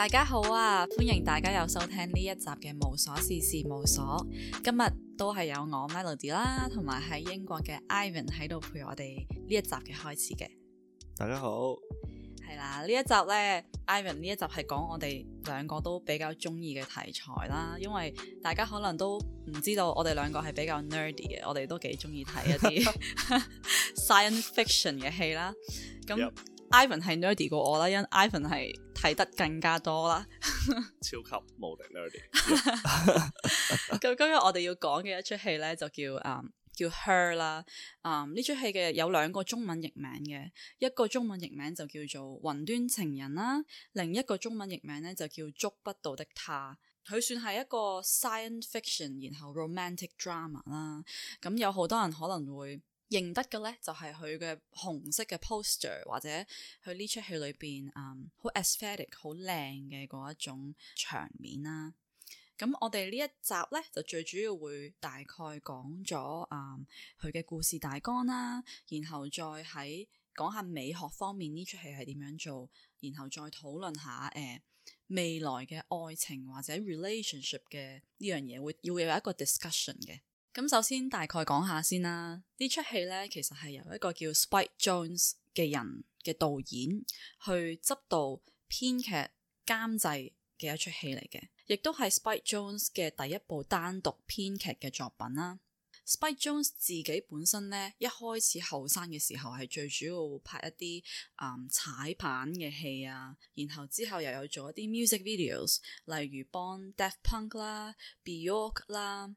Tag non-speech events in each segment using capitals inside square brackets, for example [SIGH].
大家好啊，歡迎大家又收聽呢一集嘅無瑣事事務所。今日都係有我 Melody 啦，同埋喺英國嘅 Ivan 喺度陪我哋呢一集嘅開始嘅。大家好，係啦，呢一集咧，Ivan 呢一集係講我哋兩個都比較中意嘅題材啦，因為大家可能都唔知道我哋兩個係比較 nerdy 嘅，我哋都幾中意睇一啲 [LAUGHS] [LAUGHS] science fiction 嘅戲啦。咁 Ivan 係 nerdy 過我啦，因為 Ivan 係睇得更加多啦。超級無敵 nerdy。咁今日我哋要講嘅一出戲咧，就叫啊叫 Her 啦。啊呢出戲嘅有兩個中文譯名嘅，一個中文譯名就叫做《雲端情人》啦，另一個中文譯名咧就叫《觸不到的她》。佢算係一個 science fiction，然後 romantic drama 啦。咁有好多人可能會，認得嘅呢，就係佢嘅紅色嘅 poster，或者佢呢出戲裏邊嗯好 aesthetic、好靚嘅嗰一種場面啦、啊。咁我哋呢一集呢，就最主要會大概講咗啊佢嘅故事大綱啦、啊，然後再喺講下美學方面呢出戲係點樣做，然後再討論下誒、呃、未來嘅愛情或者 relationship 嘅呢樣嘢，會要有一個 discussion 嘅。咁首先大概講下先啦，呢出戲呢，其實係由一個叫 Spike Jonze 嘅人嘅導演去執導編劇、編劇、監製嘅一出戲嚟嘅，亦都係 Spike Jonze 嘅第一部單獨編劇嘅作品啦。Spike Jonze 自己本身呢，一開始後生嘅時候係最主要拍一啲誒、嗯、踩板嘅戲啊，然後之後又有做一啲 music videos，例如幫 Daft Punk 啦、Bjork 啦。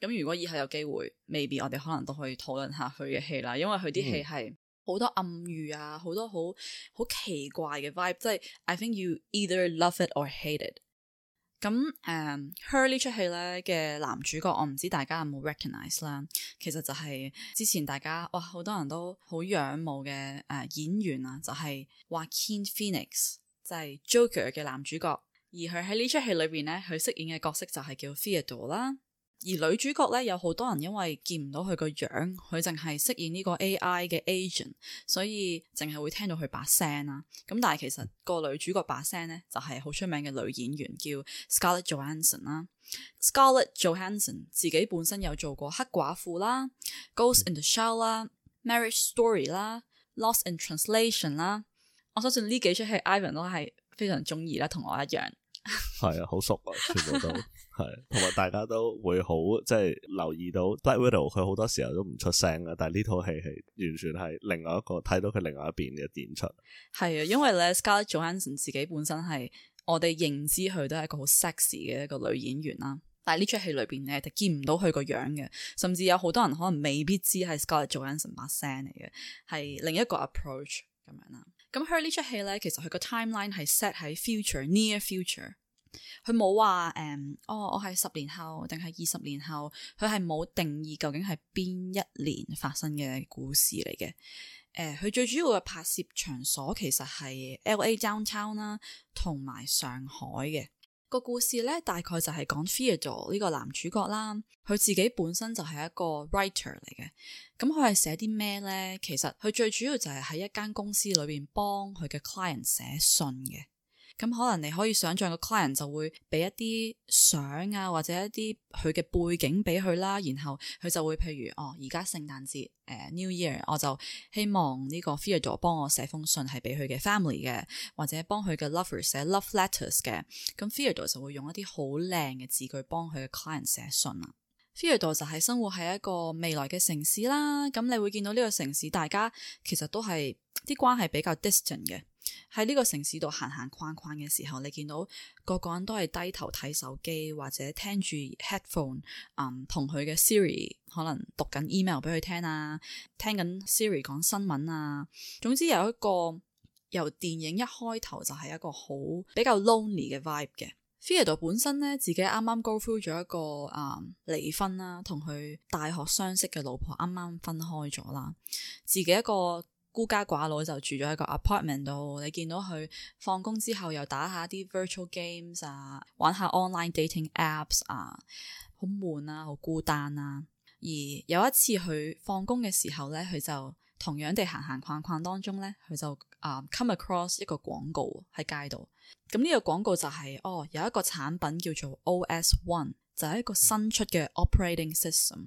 咁如果以後有機會，未必我哋可能都可以討論下佢嘅戲啦。因為佢啲戲係好多暗喻啊，好多好好奇怪嘅 vibe。即係 I think you either love it or hate it、嗯。咁誒，Her 呢出戲咧嘅男主角，我唔知大家有冇 recognize 啦。其實就係之前大家哇，好多人都好仰慕嘅誒、呃、演員啊，就係 Joaquin Phoenix，就係 Joker 嘅男主角。而佢喺呢出戲裏邊咧，佢飾演嘅角色就係叫 Theodore 啦。而女主角咧，有好多人因為見唔到佢個樣，佢淨係飾演呢個 AI 嘅 agent，所以淨係會聽到佢把聲啦。咁但係其實個女主角把聲咧，就係好出名嘅女演員叫 Scarlett Johansson 啦。Scarlett Johansson 自己本身有做過《黑寡婦》啦，《Ghost in the Shell》啦，《Marriage Story》啦，《Lost in Translation》啦。我相信呢幾出戲，Ivan 都係非常中意啦，同我一樣。係啊，好熟啊，全部都。 [LAUGHS] 係，同埋 [LAUGHS] 大家都會好即係、就是、留意到 Black Widow 佢好多時候都唔出聲嘅，但係呢套戲係完全係另外一個，睇到佢另外一邊嘅演出。係啊， [LAUGHS] 因為 Scarlett Johansson 自己本身係我哋認知佢都係一個好 sexy 嘅一個女演員啦，但係呢齣戲裏邊咧就見唔到佢個樣嘅，甚至有好多人可能未必知係 Scarlett Johansson 把聲嚟嘅，係另一個 approach 咁樣啦。咁佢呢齣戲咧，其實佢個 timeline 係 set 喺 future near future。佢冇話誒，我我係十年後定係二十年後，佢係冇定義究竟係邊一年發生嘅故事嚟嘅。誒、呃，佢最主要嘅拍攝場所其實係 L.A. Downtown 啦，同埋上海嘅個故事咧，大概就係講 Theodore 呢個男主角啦，佢自己本身就係一個 writer 嚟嘅，咁佢係寫啲咩咧？其實佢最主要就係喺一間公司裏邊幫佢嘅 client 寫信嘅。咁可能你可以想象個 client 就會俾一啲相啊，或者一啲佢嘅背景俾佢啦，然後佢就會譬如哦，而家聖誕節，誒、uh, New Year，我就希望呢個 Theodore 幫我寫封信係俾佢嘅 family 嘅，或者幫佢嘅 lover 寫 love letters 嘅。咁 Theodore 就會用一啲好靚嘅字句幫佢嘅 client 寫信啦。Theodore 就係生活喺一個未來嘅城市啦，咁你會見到呢個城市大家其實都係啲關係比較 distant 嘅。喺呢個城市度行行框框嘅時候，你見到個個人都係低頭睇手機，或者聽住 headphone，嗯，同佢嘅 Siri 可能讀緊 email 俾佢聽啊，聽緊 Siri 講新聞啊，總之有一個由電影一開頭就係一個好比較 lonely 嘅 vibe 嘅。Theodore 本身咧，自己啱啱 go through 咗一個、嗯、離婚啊離婚啦，同佢大學相識嘅老婆啱啱分開咗啦，自己一個。孤家寡佬就住咗喺個 apartment 度，你見到佢放工之後又打下啲 virtual games 啊，玩下 online dating apps 啊，好悶啊，好孤單啊。而有一次佢放工嘅時候呢，佢就同樣地行行逛逛當中呢，佢就啊 come across 一個廣告喺街度。咁呢個廣告就係、是、哦，有一個產品叫做 OS One，就係一個新出嘅 operating system。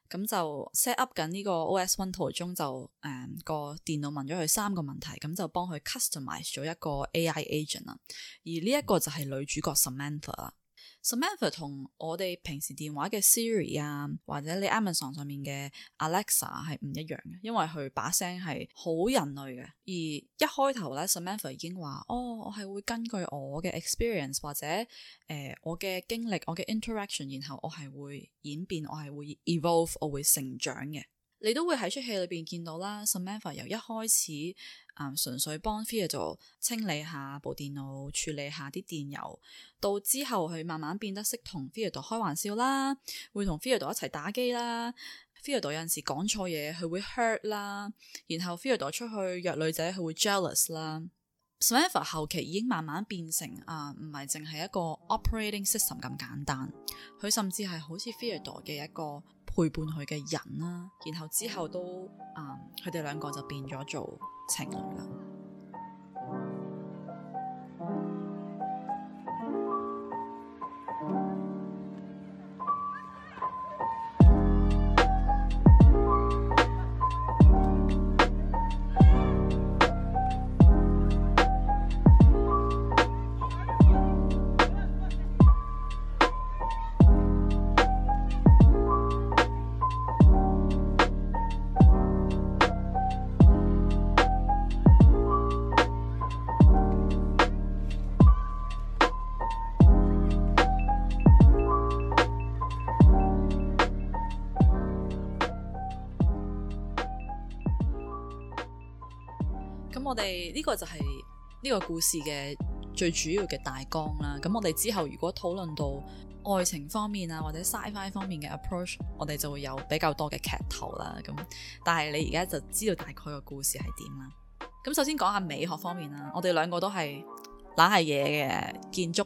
咁就 set up 緊呢個 OS One 途中就誒、嗯、個電腦問咗佢三個問題，咁就幫佢 customize 咗一個 AI agent 啦。而呢一個就係女主角 Samantha 啦。Samantha 同我哋平時電話嘅 Siri 啊，或者你 Amazon 上面嘅 Alexa 係唔一樣嘅，因為佢把聲係好人類嘅。而一開頭咧，Samantha 已經話：「哦，我係會根據我嘅 experience 或者誒、呃、我嘅經歷、我嘅 interaction，然後我係會演變，我係會 evolve，我會成長嘅。你都會喺出戲裏邊見到啦，Samantha 由一開始啊純粹幫 Theodore 做清理下部電腦，處理下啲電郵，到之後佢慢慢變得識同 Theodore 開玩笑啦，會同 Theodore 一齊打機啦，Theodore 有陣時講錯嘢佢會 hurt 啦，然後 Theodore 出去約女仔佢會 jealous 啦，Samantha 後期已經慢慢變成啊唔係淨係一個 operating system 咁簡單，佢甚至係好似 Theodore 嘅一個陪伴佢嘅人啦，然後之後都，啊、嗯，佢哋兩個就變咗做情侶啦。呢個就係呢個故事嘅最主要嘅大綱啦。咁我哋之後如果討論到愛情方面啊，或者 sci-fi 方面嘅 approach，我哋就會有比較多嘅劇頭啦。咁但係你而家就知道大概個故事係點啦。咁首先講下美學方面啦，我哋兩個都係硬係嘢嘅建築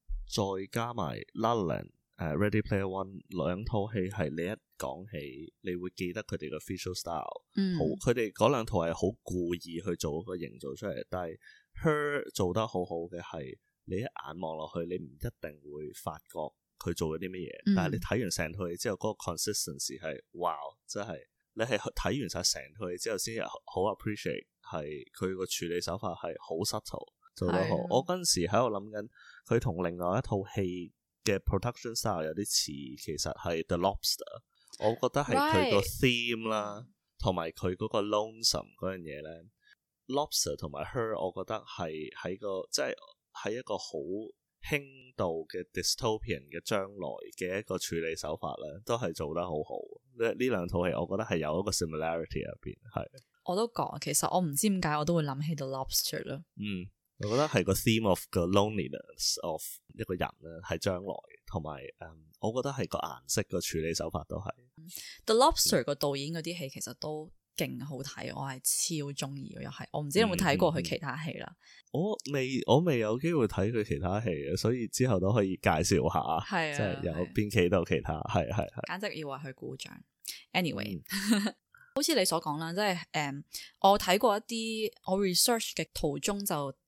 再加埋《La La Land、uh,》、《Ready Player One》兩套戲係你一講起，你會記得佢哋個 visual style、嗯。好，佢哋嗰兩套係好故意去做個營造出嚟。但係《Her》做得好好嘅係，你一眼望落去，你唔一定會發覺佢做咗啲乜嘢。嗯、但係你睇完成套戲之後，嗰、嗰個 consistency 係，哇！真係你係睇完晒成套戲之後先有好 appreciate 係佢個處理手法係好 subtle 做得好。哎、呀我嗰陣時喺度諗緊。佢同另外一套戲嘅 production style 有啲似，其實係 The Lobster。我覺得係佢個 theme 啦，同埋佢嗰個 lonesome 嗰樣嘢咧，Lobster 同埋 Her，我覺得係喺個即係喺一個好、就是、輕度嘅 dystopian 嘅將來嘅一個處理手法咧，都係做得好好。即係呢兩套戲，我覺得係有一個 similarity 入邊，係我都講。其實我唔知點解，我都會諗起 The Lobster 咯。嗯。我覺得係個 theme of 個 the loneliness of 一個人咧，係將來，同埋，嗯，我覺得係個顏色個處理手法都係。The Lobster 個導演嗰啲戲其實都勁好睇，我係超中意，又係，我唔知你有冇睇過佢其他戲啦、嗯。我未，我未有機會睇佢其他戲嘅，所以之後都可以介紹下，啊，即係有邊期都有其他，係係係。簡直要話佢鼓掌。Anyway，、嗯、 [LAUGHS] 好似你所講啦，即係，誒、um,，我睇過一啲我 research 嘅途中就。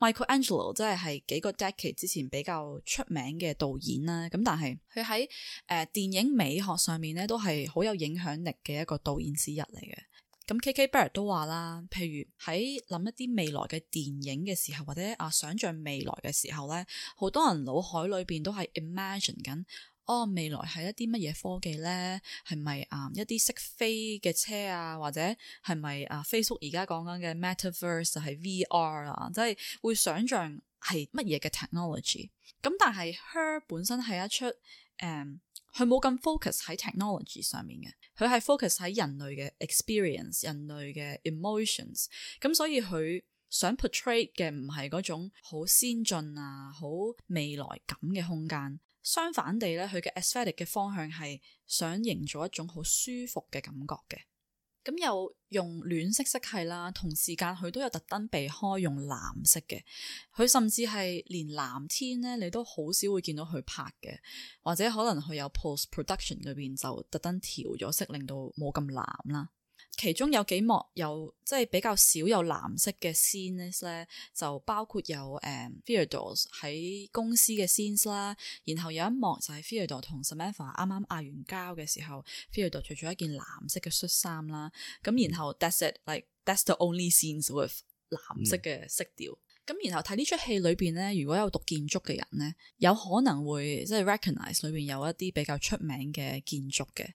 Michelangelo 即係係幾個 decade 之前比較出名嘅導演啦，咁但係佢喺誒電影美學上面咧都係好有影響力嘅一個導演之一嚟嘅。咁 K.K. Barrett 都話啦，譬如喺諗一啲未來嘅電影嘅時候，或者啊想象未來嘅時候咧，好多人腦海裏邊都係 imagine 緊。哦，未來係一啲乜嘢科技呢？係咪啊，一啲識飛嘅車啊，或者係咪啊，Facebook 而家講緊嘅 Metaverse 就係 VR 啊？即係會想像係乜嘢嘅 technology？咁、嗯、但係 Her 本身係一出誒，佢、嗯、冇咁 focus 喺 technology 上面嘅，佢係 focus 喺人類嘅 experience、人類嘅 emotions、嗯。咁所以佢想 portray 嘅唔係嗰種好先進啊、好未來感嘅空間。相反地咧，佢嘅 aesthetic 嘅方向係想營造一種好舒服嘅感覺嘅，咁又用暖色色系啦，同時間佢都有特登避開用藍色嘅，佢甚至係連藍天咧，你都好少會見到佢拍嘅，或者可能佢有 post production 裏邊就特登調咗色，令到冇咁藍啦。其中有幾幕有即係比較少有藍色嘅 scenes 咧，就包括有誒、um, Theodore 喺公司嘅 scenes 啦。然後有一幕就係 Theodore 同 Samantha 啱啱嗌、啊、完交嘅時候，Theodore 著咗一件藍色嘅恤衫啦。咁然後 That's it，like That's the only scenes with 藍色嘅色調。咁、嗯、然後睇呢出戲裏邊咧，如果有讀建築嘅人咧，有可能會即係 recognize 裏邊有一啲比較出名嘅建築嘅。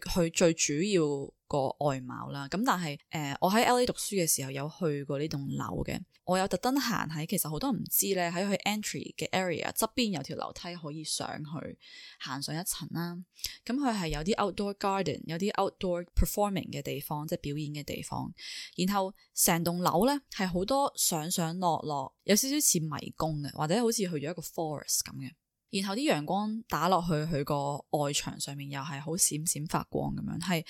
佢最，最主要個外貌啦，咁但係誒、呃，我喺 LA 讀書嘅時候有去過呢棟樓嘅，我有特登行喺，其實好多唔知咧喺佢 entry 嘅 area 側邊有條樓梯可以上去，行上一層啦。咁佢係有啲 outdoor garden，有啲 outdoor performing 嘅地方，即係表演嘅地方。然後成棟樓咧係好多上上落落，有少少似迷宮嘅，或者好似去咗一個 forest 咁嘅。然後啲陽光打落去佢個外牆上面，又係好閃閃發光咁樣。係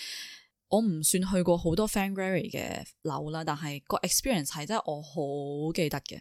我唔算去過好多 Frank Gehry 嘅樓啦，但係個 experience 係真係我好記得嘅。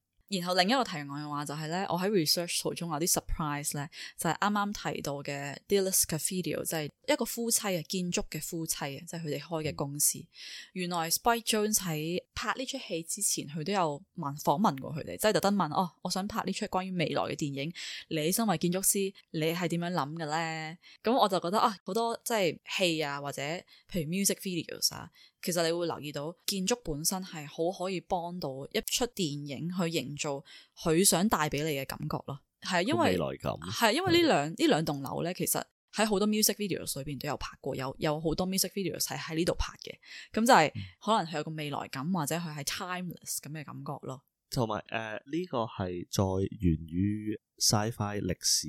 然後另一個題外話就係咧，我喺 research 途中有啲 surprise 咧，就係啱啱提到嘅 Diller Scofidio 即就係一個夫妻啊，建築嘅夫妻啊，即係佢哋開嘅公司。原來 Spike Jonze 喺拍呢出戲之前，佢都有問訪問過佢哋，即係特登問哦，我想拍呢出關於未來嘅電影，你身為建築師，你係點樣諗嘅咧？咁我就覺得啊，好多即係戲啊，或者譬如 music videos 啊。其實你會留意到建築本身係好可以幫到一出電影去營造佢想帶俾你嘅感覺咯，係啊，因為係因為呢兩呢的兩,兩棟樓咧，其實喺好多 music videos 裏邊都有拍過，有有好多 music videos 係喺呢度拍嘅，咁就係可能係有個未來感、嗯、或者佢係 timeless 咁嘅感覺咯。同埋誒，呢、呃這個係再源於 sci-fi 歷史，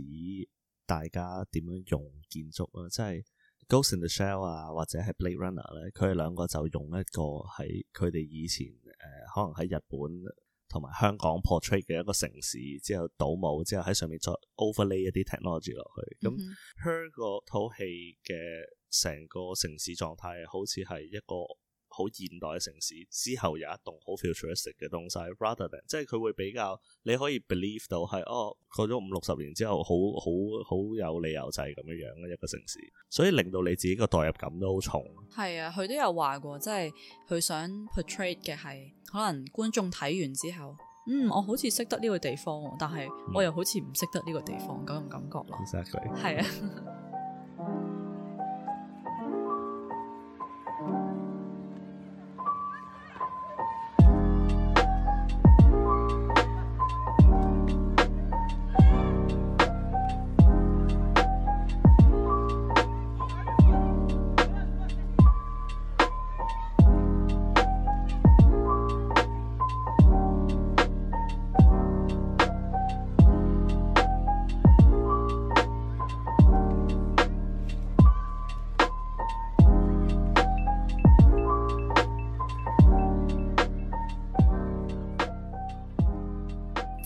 大家點樣用建築啊？即係。《Ghost in the Shell》啊，或者係《Blade Runner》咧，佢哋兩個就用一個喺佢哋以前誒、呃、可能喺日本同埋香港 portray 嘅一個城市，之後倒模，之後喺上面再 overlay 一啲 technology 落去。咁 Her 嗰套戲嘅成個城市狀態好似係一個。好現代嘅城市，之後有一棟好 futuristic 嘅東西，rather than 即係佢會比較你可以 believe 到係，哦，過咗五六十年之後好好好有理由就係咁樣樣嘅一個城市，所以令到你自己個代入感都好重。係啊、嗯，佢都有話過，即係佢想 portray 嘅係可能觀眾睇完之後，嗯，我好似識得呢個地方，但係我又好似唔識得呢個地方咁樣感覺咯。其實係，係啊。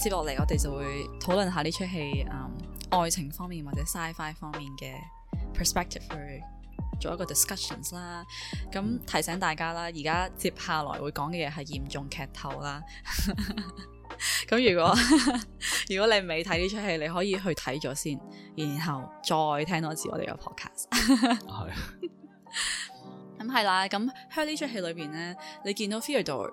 接落嚟，我哋就會討論下呢出戲，嗯，愛情方面或者 Sci-Fi 方面嘅 perspective 去做一個 discussions 啦。咁提醒大家啦，而家接下來會講嘅嘢係嚴重劇透啦。咁 [LAUGHS] 如果 [LAUGHS] [LAUGHS] 如果你未睇呢出戲，你可以去睇咗先，然後再聽多次我哋嘅 podcast。係、 [LAUGHS] 啊。咁係啦，咁喺、 [LAUGHS] [LAUGHS] 啊、呢出戲裏邊咧，你見到 Theodore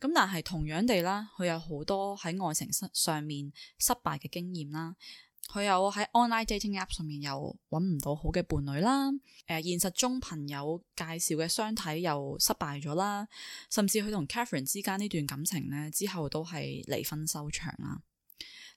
咁但係同樣地啦，佢有好多喺愛情上面失敗嘅經驗啦，佢有喺 online dating app 上面又揾唔到好嘅伴侶啦，誒、呃、現實中朋友介紹嘅相睇又失敗咗啦，甚至佢同 Catherine 之間呢段感情呢，之後都係離婚收場啦。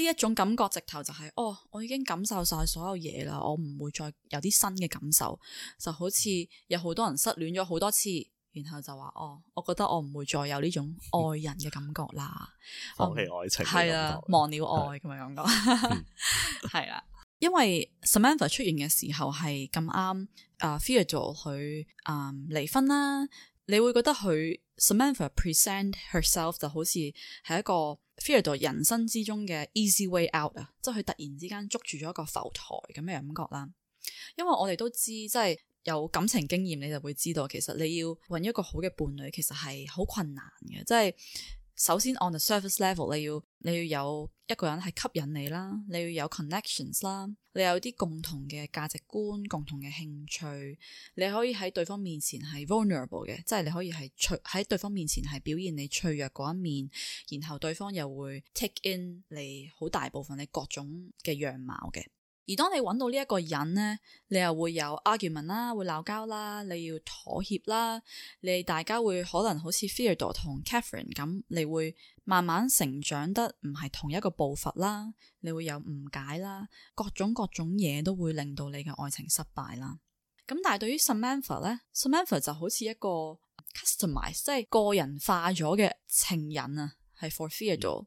呢一種感覺直頭就係、是、哦，我已經感受晒所有嘢啦，我唔會再有啲新嘅感受，就好似有好多人失戀咗好多次，然後就話哦，我覺得我唔會再有呢種愛人嘅感覺啦， [LAUGHS] 嗯、放棄愛情係啦，的忘了愛咁樣講，係啦，因為 Samantha 出現嘅時候係咁啱啊 Theodore 咗佢嗯離婚啦。你會覺得佢 Samantha present herself 就好似係一個 Theodore 人生之中嘅 easy way out 啊，即係佢突然之間捉住咗一個浮台咁嘅感覺啦。因為我哋都知，即係有感情經驗，你就會知道，其實你要搵一個好嘅伴侶，其實係好困難嘅，即係。首先，on the surface level，你要你要有一個人係吸引你啦，你要有 connections 啦，你有啲共同嘅價值觀、共同嘅興趣，你可以喺對方面前係 vulnerable 嘅，即係你可以係脆喺對方面前係表現你脆弱嗰一面，然後對方又會 take in 你好大部分你各種嘅樣貌嘅。而當你揾到呢一個人咧，你又會有 argument 啦，會鬧交啦，你要妥協啦，你大家會可能好似 Theodore 同 Catherine 咁，你會慢慢成長得唔係同一個步伐啦，你會有誤解啦，各種各種嘢都會令到你嘅愛情失敗啦。咁但係對於 Samantha 咧，Samantha 就好似一個 customized 即係個人化咗嘅情人啊，係 for Theodore。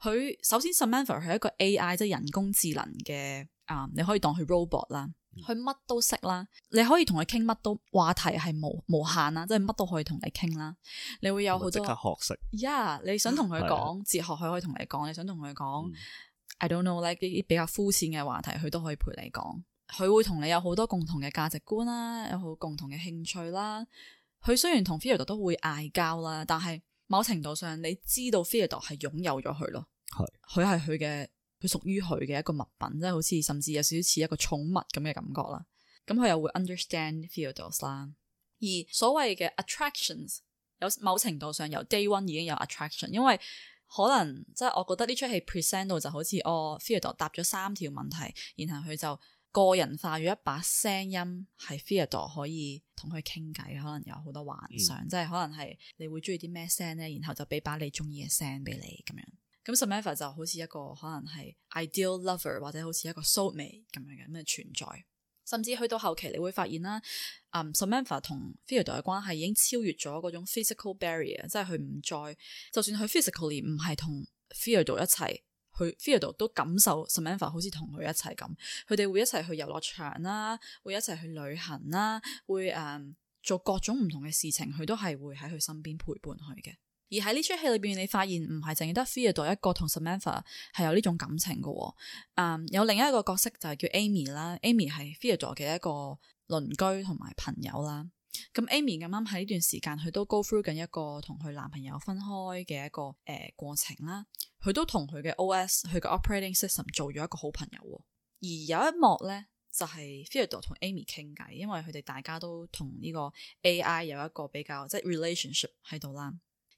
佢首先 Samantha 佢係一個 AI 即係人工智能嘅。啊！你可以當佢 robot 啦，佢乜都識啦。你可以同佢傾乜都話題係無無限啦，即係乜都可以同你傾啦。你會有好多學識。Yeah，你想同佢講哲學，佢可以同你講；你想同佢講，I don't know 咧，呢啲比較膚淺嘅話題，佢都可以陪你講。佢會同你有好多共同嘅價值觀啦，有好共同嘅興趣啦。佢雖然同 Theo 都都會嗌交啦，但係某程度上，你知道 Theo 係擁有咗佢咯。佢係佢嘅。佢屬於佢嘅一個物品，即係好似甚至有少少似一個寵物咁嘅感覺啦。咁佢又會 understand Theodore 啦。而所謂嘅 attractions 有某程度上由 day one 已經有 attraction，因為可能即係我覺得呢出戲 present 到就好似哦 Theodore 答咗三條問題，然後佢就個人化咗一把聲音，係 Theodore 可以同佢傾偈，可能有好多幻想，嗯、即係可能係你會中意啲咩聲咧，然後就俾把你中意嘅聲俾你咁樣。咁 Samantha 就好似一個可能係 ideal lover 或者好似一個 soulmate 咁樣嘅咁嘅存在，甚至去到後期你會發現啦，啊、嗯、Samantha 同 Theodore 嘅關係已經超越咗嗰種 physical barrier，即係佢唔再，就算佢 physically 唔係同 Theodore 一齊，佢 Theodore 都感受 Samantha 好似同佢一齊咁，佢哋會一齊去遊樂場啦，會一齊去旅行啦，會誒、嗯、做各種唔同嘅事情，佢都係會喺佢身邊陪伴佢嘅。而喺呢出戲裏邊，你發現唔係淨係得 Theodore 一個同 Samantha 係有呢種感情嘅。嗯、um，有另一個角色就係叫 Amy 啦。Amy 係 Theodore 嘅一個鄰居同埋朋友啦。咁 Amy 咁啱喺呢段時間，佢都 go through 緊一個同佢男朋友分開嘅一個誒、呃、過程啦。佢都同佢嘅 O.S. 佢嘅 Operating System 做咗一個好朋友。而有一幕呢，就係 Theodore 同 Amy 傾偈，因為佢哋大家都同呢個 A.I. 有一個比較即係 relationship 喺度啦。就是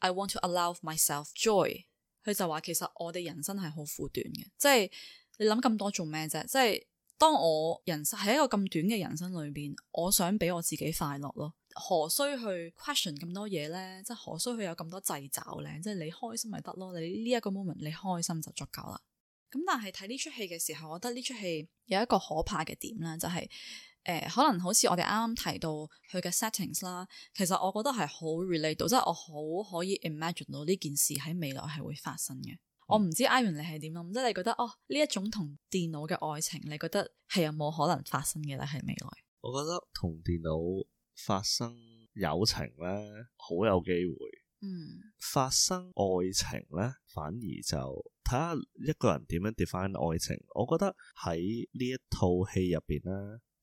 I want to allow myself joy。佢就話，其實我哋人生係好苦短嘅，即係你諗咁多做咩啫？即係當我人生喺一個咁短嘅人生裏邊我想俾我自己快樂咯，何須去 question 咁多嘢呢？即係何須去有咁多掣肘呢？即係你開心咪得咯，你呢一個 moment 你開心就足夠啦。咁但係睇呢齣戲嘅時候，我覺得呢齣戲有一個可怕嘅點咧，就係、是。誒、呃，可能好似我哋啱啱提到佢嘅 settings 啦，其實我覺得係好 relate 到，即係我好可以 imagine 到呢件事喺未來係會發生嘅。嗯、我唔知 Ivan 你係點諗，即、就、係、是、你覺得哦呢一種同電腦嘅愛情，你覺得係有冇可能發生嘅咧？喺未來，我覺得同電腦發生友情咧，好有機會。嗯，發生愛情咧，反而就睇下一個人點樣 define 愛情。我覺得喺呢一套戲入邊咧。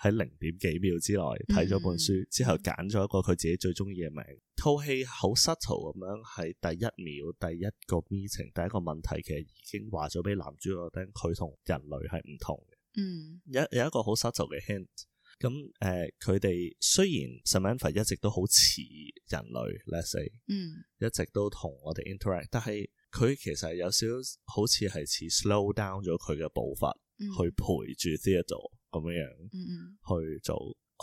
喺零點幾秒之內睇咗本書，之後揀咗一個佢自己最中意嘅名。套戲好 sul 嘅咁樣，喺第一秒、第一個 n g 第一個問題，其實已經話咗俾男主角聽，佢同人類係唔同嘅。嗯，有有一個好 sul 嘅 hint、嗯。咁、呃、誒，佢哋雖然 Samantha 一直都好似人類，let’s say， 嗯，一直都同我哋 interact，但係佢其實有少少好似係似 slow down 咗佢嘅步伐，嗯、去陪住 t 一 e 咁樣樣，去做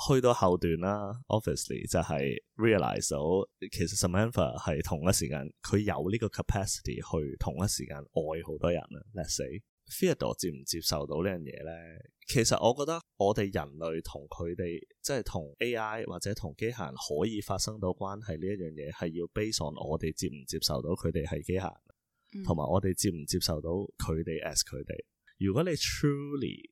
去到後段啦。Obviously 就係 realize 到，其實 Samantha 係同一時間，佢有呢個 capacity 去同一時間愛好多人啊。Let's see，Theodore、mm hmm. 接唔接受到呢樣嘢呢？其實我覺得我哋人類同佢哋，即係同 AI 或者同機械人可以發生到關係呢一樣嘢，係要 based on 我哋接唔接受到佢哋係機械人、mm，同、hmm. 埋我哋接唔接受到佢哋 as 佢哋。如果你 truly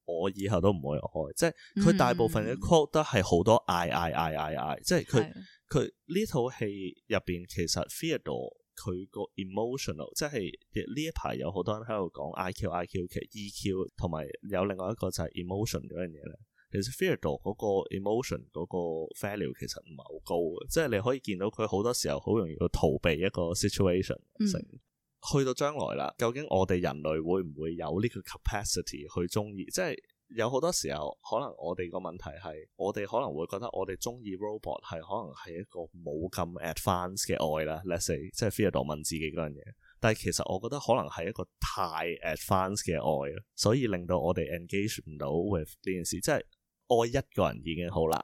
我以後都唔會愛，即係佢大部分嘅 quote 都係好多 I I I I I」，即係佢佢呢套戲入邊其實 Theodore 佢個 emotional，即係呢一排有好多人喺度講 IQ IQ 其實 EQ，同埋有另外一個就係 emotion 嗰樣嘢咧。其實 Theodore 嗰個 emotion 嗰個 value 其實唔係好高嘅，即係你可以見到佢好多時候好容易去逃避一個 situation。嗯。去到將來啦，究竟我哋人類會唔會有呢個 capacity 去中意？即係有好多時候，可能我哋個問題係我哋可能會覺得我哋中意 robot 係可能係一個冇咁 advanced 嘅愛啦。Let's say 即係 freedom 問自己嗰樣嘢，但係其實我覺得可能係一個太 advanced 嘅愛，所以令到我哋 engage 唔到 with 呢件事。即係愛一個人已經好難。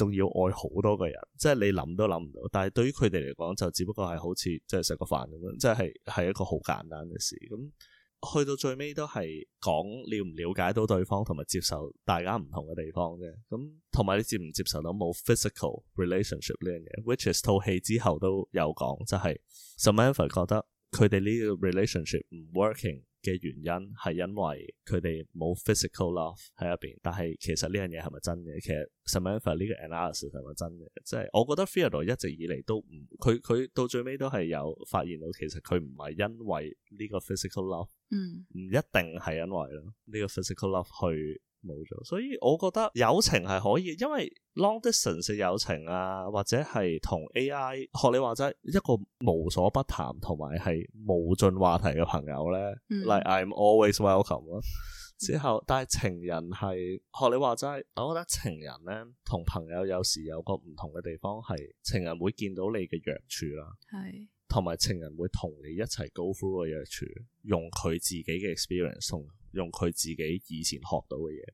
仲要愛好多個人，即係你諗都諗唔到。但係對於佢哋嚟講，就只不過係好似即係食個飯咁樣，即係係一個好簡單嘅事。咁去到最尾都係講了唔瞭解到對方，同埋接受大家唔同嘅地方啫。咁同埋你接唔接受到冇 physical relationship 呢樣嘢？Which is 套戲之後都有講，就係 Samantha 覺得。佢哋呢個 relationship 唔 working 嘅原因係因為佢哋冇 physical love 喺入邊，但係其實呢樣嘢係咪真嘅？其實 Samantha 呢個 analysis 係咪真嘅？即係我覺得 Theodore 一直以嚟都唔，佢佢到最尾都係有發現到其實佢唔係因為呢個 physical love，嗯，唔一定係因為咯呢個 physical love 去。冇咗，所以我覺得友情係可以，因為 long distance 友情啊，或者係同 AI 學你話齋一個無所不談，同埋係無盡話題嘅朋友咧，Like I'm always welcome 之後，嗯、但係情人係學你話齋，我覺得情人咧同朋友有時有個唔同嘅地方係，情人會見到你嘅弱處啦，係是，同埋情人會同你一齊 go through 個弱處，用佢自己嘅 experience 送。用佢自己以前學到嘅嘢，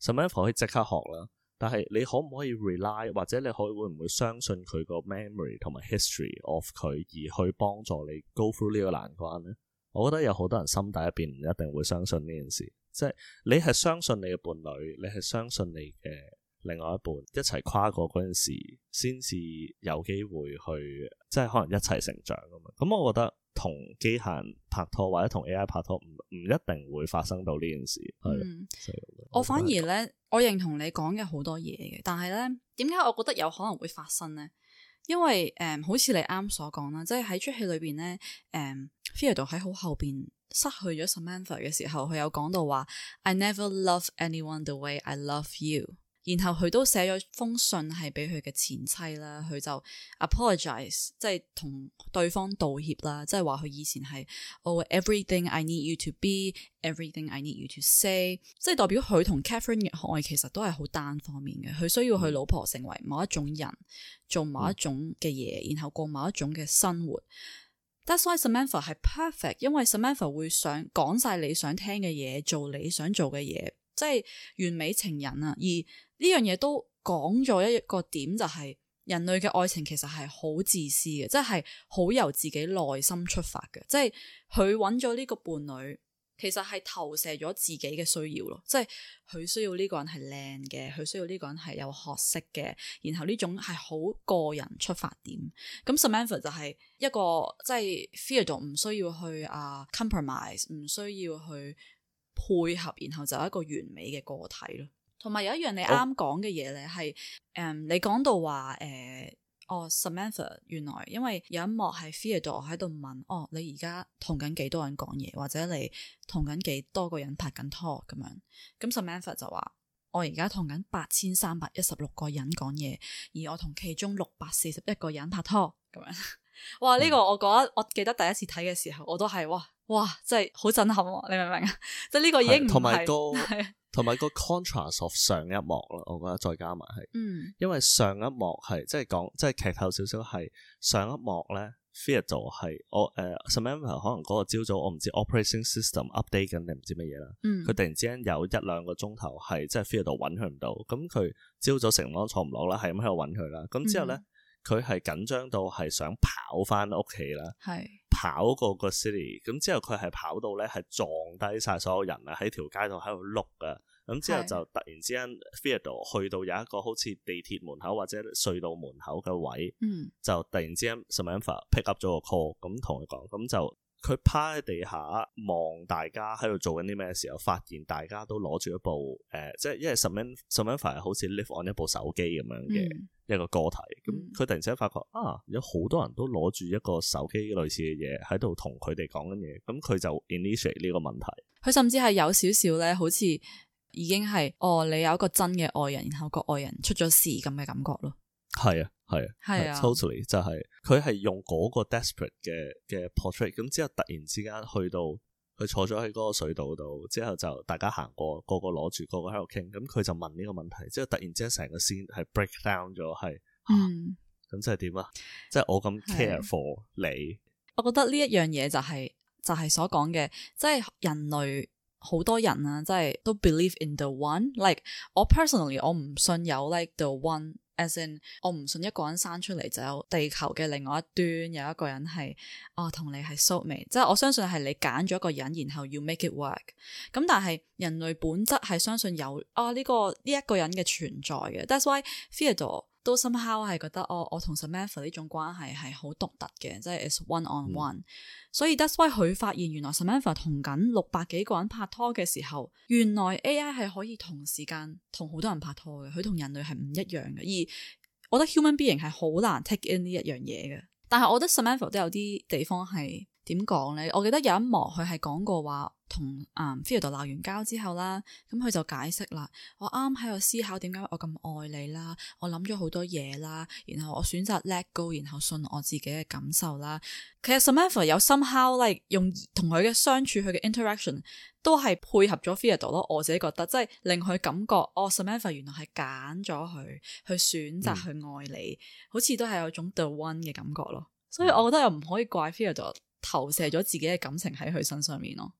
乜嘢都可以即刻學啦。但係你可唔可以 rely，或者你可，可以會唔會相信佢個 memory 同埋 history of 佢，而去幫助你 go through 呢個難關呢？我覺得有好多人心底入邊唔一定會相信呢件事，即係你係相信你嘅伴侶，你係相信你嘅另外一半一齊跨過嗰陣時，先至有機會去，即係可能一齊成長啊嘛。咁我覺得。同機械拍拖或者同 AI 拍拖，唔唔一定會發生到呢件事。嗯，我,我反而咧，我認同你講嘅好多嘢嘅，但係咧，點解我覺得有可能會發生呢？因為誒、嗯，好似你啱所講啦，即係喺出戲裏邊咧，誒，Theodore 喺好後邊失去咗 Samantha 嘅時候，佢有講到話，I never love anyone the way I love you。然後佢都寫咗封信係俾佢嘅前妻啦，佢就 apologize，即係同對方道歉啦，即係話佢以前係 Oh, everything I need you to be，everything I need you to say，即係代表佢同 Catherine 嘅愛其實都係好單方面嘅，佢需要佢老婆成為某一種人，做某一種嘅嘢，然後過某一種嘅生活。That's why Samantha 係 perfect，因為 Samantha 會想講晒你想聽嘅嘢，做你想做嘅嘢，即係完美情人啊，而。呢樣嘢都講咗一個點，就係、是、人類嘅愛情其實係好自私嘅，即係好由自己內心出發嘅，即係佢揾咗呢個伴侶，其實係投射咗自己嘅需要咯，即係佢需要呢個人係靚嘅，佢需要呢個人係有學識嘅，然後呢種係好個人出發點。咁 Samantha 就係一個即係 Theodore，唔需要去啊、uh, compromise，唔需要去配合，然後就一個完美嘅個體咯。同埋有一樣你啱講嘅嘢咧，係，誒，你講到話，誒、oh.，哦、um, uh, oh,，Samantha，原來因為有一幕係 Theodore 到我喺度問，哦，你而家同緊幾多人講嘢，或者你同緊幾多個人拍緊拖咁樣？咁 Samantha 就話，我而家同緊八千三百一十六個人講嘢，而我同其中六百四十一個人拍拖咁樣。 [LAUGHS] 哇！呢、這個我覺得我記得第一次睇嘅時候，我都係哇哇，真係好震撼，你明唔明啊？ [LAUGHS] 即係呢個已經唔同埋個同埋 [LAUGHS] 個 contrast of 上一幕啦，我覺得再加埋係，嗯，因為上一幕係即係講即係劇透少少係上一幕咧，Theodore 係我誒、呃、，Samantha 可能嗰個朝早我唔知 operating system update 緊定唔知乜嘢啦，佢、嗯、突然之間有一兩個鐘頭係即係 Theodore 搵佢唔到，咁佢朝早成晚坐唔落啦，係咁喺度搵佢啦，咁之後咧。嗯佢係緊張到係想跑翻屋企啦，是跑過個 city，咁之後佢係跑到咧係撞低晒所有人啊！喺條街度，喺度碌㗎！咁之後就突然之間，Theodore 是去到有一個好似地鐵門口或者隧道門口嘅位，嗯、就突然之間，Samantha pick up 咗個 call，咁同佢講，咁就。佢趴喺地下望大家喺度做緊啲咩嘅時候，發現大家都攞住一部誒、呃，即係因為 Samantha、Samantha 反而係好似 live on 一部手機咁樣嘅一個個體。咁佢、嗯、突然之間發覺啊，有好多人都攞住一個手機類似嘅嘢喺度同佢哋講緊嘢。咁佢就 initiate 呢個問題。佢甚至係有少少咧，好似已經係哦，你有一個真嘅愛人，然後個愛人出咗事咁嘅感覺咯。係啊，係啊，係啊，totally 就係佢係用嗰個 desperate 嘅嘅 portrait，咁之後突然之間去到佢坐咗喺嗰個隧道度，之後就大家行過，個個攞住，個個喺度傾，咁佢就問呢個問題，之後突然之間成個 scene 係 break down 咗，係，嗯，咁即係點啊？即係我咁 care、啊、for 你，我覺得呢一樣嘢就係、就係所講嘅，即係人類。好多人啊，即係都 believe in the one。like 我 personally 我唔信有 like the one，as in 我唔信一個人生出嚟就有地球嘅另外一端有一個人係啊，同你係 soulmate。即係我相信係你揀咗一個人，然後要 make it work，嗯。咁但係人類本質係相信有啊呢，哦這個呢一，這個人嘅存在嘅。That's why Theodore 都 somehow 係覺得哦，我同 Samantha 呢種關係係好獨特嘅，即係 it's one on one。所以 that's why 佢發現原來 Samantha 同緊六百幾個人拍拖嘅時候，原來 AI 係可以同時間同好多人拍拖嘅。佢同人類係唔一樣嘅，而我覺得 human being 係好難 take in 呢一樣嘢嘅。但係我覺得 Samantha 都有啲地方係。點講呢？我記得有一幕佢係講過話，同嗯 Theodore 鬧完交之後啦，咁佢就解釋啦。我啱喺度思考點解我咁愛你啦，我諗咗好多嘢啦，然後我選擇 let go，然後信我自己嘅感受啦。其實 Samantha 有 somehow like 用同佢嘅相處，佢嘅 interaction 都係配合咗 Theodore 咯。我自己覺得，即係令佢感覺哦，Samantha 原來係揀咗佢，去選擇去愛你，嗯、好似都係有種 the one 嘅感覺咯。所以我覺得又唔可以怪 Theodore。投射咗自己嘅感情喺佢身上面咯。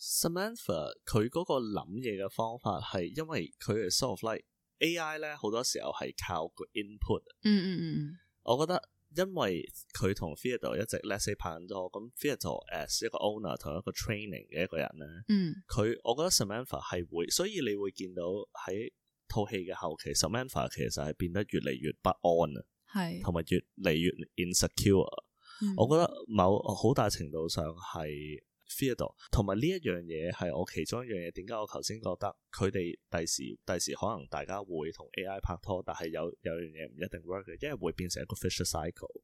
Samantha 佢嗰個諗嘢嘅方法係因為佢嘅 soft，like A.I 咧好多時候係靠個 input。嗯嗯嗯。我覺得因為佢同 Theodore 一直 less dependent 咁，Theodore as 一個 owner 同一個 training 嘅一個人咧。嗯。佢我覺得 Samantha 係會，所以你會見到喺套戲嘅後期，Samantha 其實係變得越嚟越不安啊，係是，同埋越嚟越 insecure。 [MUSIC] 我覺得某好大程度上係 fear 度同埋呢一樣嘢係我其中一樣嘢。點解我頭先覺得佢哋第時第時可能大家會同 A I 拍拖，但係有有樣嘢唔一定 work 嘅，因為會變成一個 fisher cycle。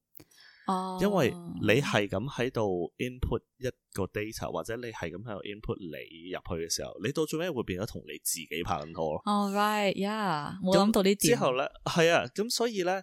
哦，oh. 因為你係咁喺度 input 一個 data，或者你係咁喺度 input 你入去嘅時候，你到最尾會變咗同你自己拍緊拖咯。a、oh, right，yeah，那我諗到呢啲之後咧，係啊，咁所以咧。